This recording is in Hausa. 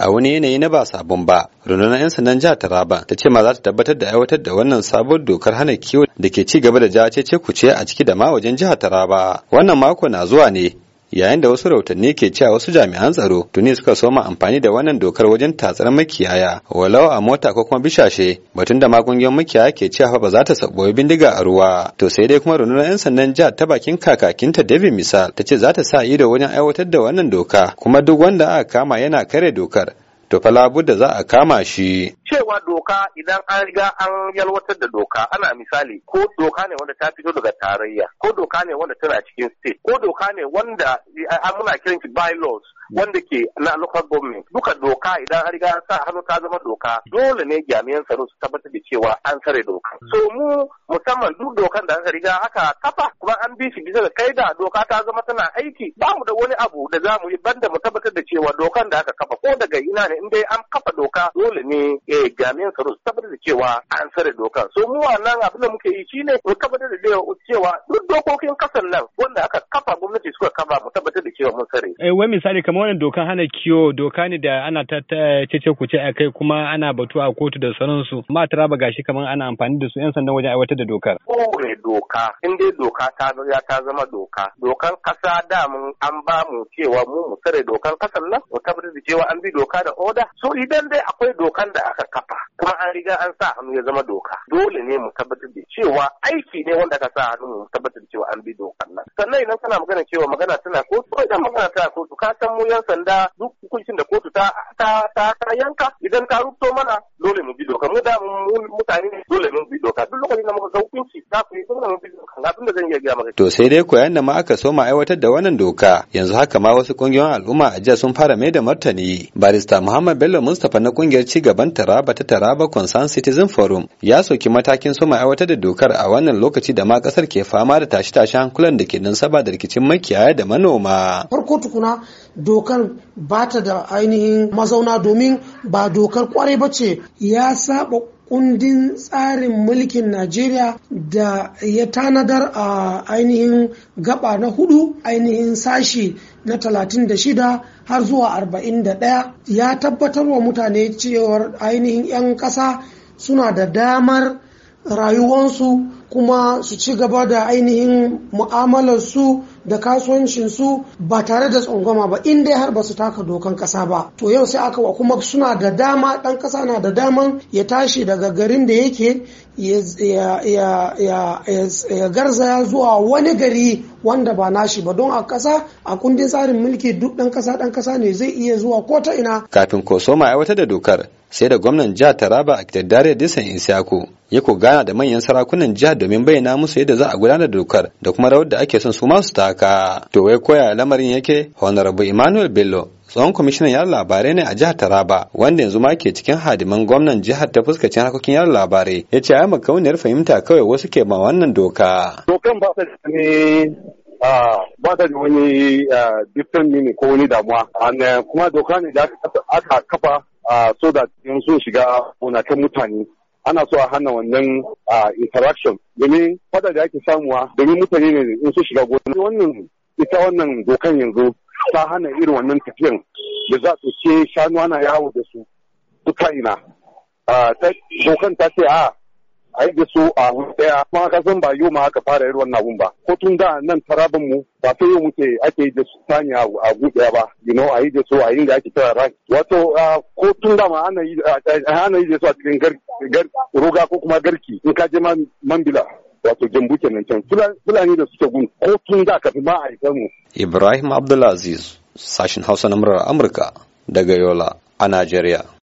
a wani yanayi na ba sabon ba rundunar 'yan sandan jihar taraba ta ce ma za ta tabbatar da aiwatar da wannan sabon dokar hana kiwo da ke ci gaba da jace ce kuce a ciki da ma wajen jihar taraba wannan mako na zuwa ne yayin da wasu rahotanni ke cewa wasu jami'an tsaro tuni suka soma amfani da wannan dokar wajen tatsar makiyaya walau a mota ko kuma bishashe batun da magungiyan makiyaya ke cewa ba za ta saboyi bindiga a ruwa to sai dai kuma rundunar 'yan sandan jihar ta bakin kakakinta david misal ta ce za ta sa ido wajen aiwatar da wannan doka kuma duk wanda aka kama yana kare dokar to fa da za a kama shi. Cewa doka idan an riga an yalwatar da doka ana misali ko doka ne wanda ta fito daga tarayya ko doka ne wanda tana cikin state ko doka ne wanda an muna kiran shi bylaws wanda ke na local government duka doka idan an riga an sa hannu ta zama doka dole ne jami'an tsaro su tabbatar da cewa an tsare doka. So mu musamman duk dokan da aka riga aka kafa kuma an bi shi bisa da kaida doka ta zama tana aiki ba mu da wani abu da za mu yi banda mu tabbatar da cewa dokan da aka kafa ko daga ina ne in dai an kafa doka dole ne eh, jami'an tsaro su tabbatar da cewa an tsare dokan so mu nan abin da muke yi shine mu tabbatar da cewa duk dokokin kasar nan wanda aka kafa gwamnati suka kafa mu tabbatar da cewa mun tsare eh wai misali kamar wannan dokan hana kiyo doka ne da ana ta cece kuce a kai kuma ana batu a kotu da sauransu ma taraba gashi kamar ana amfani da su yan sandan wajen aiwatar da dokar kowane doka in dai doka ta ya ta zama doka dokan kasa da mun an ba mu cewa mu mu tsare dokan kasar nan mu tabbatar da cewa an bi doka da oda so idan dai akwai dokan da aka kafa kuma an riga an sa hannu ya zama doka dole ne mu tabbatar da cewa aiki ne wanda aka sa hannu mu tabbatar da cewa an bi dokan nan sannan idan kana magana cewa magana tana kotu ko idan magana tana kotu ka san mu yan sanda duk hukuncin da kotu ta ta ta yanka idan ka rubuto mana dole mu bi doka mu da mutane to sai dai koyan da ma aka so ma aiwatar da wannan doka yanzu haka ma wasu kungiyoyin al'umma a jiya sun fara mai da martani barista Muhammad Bello Mustapha na kungiyar ci gaban Taraba ta Taraba Concern Citizen Forum ya soki matakin so ma aiwatar da dokar a wannan lokaci da ma kasar ke fama da tashi-tashi hankulan da ke nan saba da rikicin makiyaya da manoma farko tukuna dokar ba ta da ainihin mazauna domin ba dokar kwarai ba ce ya saba kundin tsarin mulkin najeriya da ya tanadar a ainihin gaba na hudu ainihin sashi na 36 har zuwa 41 ya tabbatar wa mutane cewar ainihin 'yan ƙasa suna da damar rayuwansu kuma su ci gaba da ainihin mu'amalarsu da kasuwancinsu ba tare da tsangwama ba in dai har ba su taka dokan kasa ba to yau sai aka wa kuma suna da dama dan kasa na da daman ya tashi daga garin da yake ya garzaya zuwa wani gari wanda ba nashi ba don a kasa a kundin tsarin mulki duk dan kasa dan kasa ne zai iya zuwa ko ta ina kafin kosoma aiwatar da dokar sai da gwamnan jihar taraba a kitaddare disan isyaku ya ko gana da manyan sarakunan jihar domin bayyana musu yadda za a gudanar da dokar da kuma rawar da ake son su masu taka to wai koya lamarin yake honorable emmanuel bello tsohon kwamishinan yaran labarai ne a jihar taraba wanda yanzu ma ke cikin hadiman gwamnan jihar ta fuskacin harkokin yaran labarai ya ce ai makauniyar fahimta kawai wasu ke ma wannan doka dokan ba ta ne ba ta da wani dukkan mini ko wani damuwa eh, kuma doka ne da aka kafa so da yanzu shiga gonakin mutane ana so a hana wannan interaction domin fada da ake samuwa domin mutane ne in su shiga gona wannan ita wannan dokan yanzu ta hana irin wannan tafiyan da za su ce shanu ana yawo da su duka ina dokan ta ce a a da su a wuri daya kuma ka san ba yau ma aka fara yin wannan abun ba ko tun da nan tarabin mu ba sai yau muke ake yi da su sani a wuri ba you know a yi da su a yi da ake kira rai wato ko tun da ma ana yi da su a cikin ruga ko kuma garki in ka je mambila wato jambu kenan can fulani da suke gun ko tun da ka fi ma a mu. Ibrahim Abdulaziz sashin Hausa na murar Amurka daga Yola a Najeriya.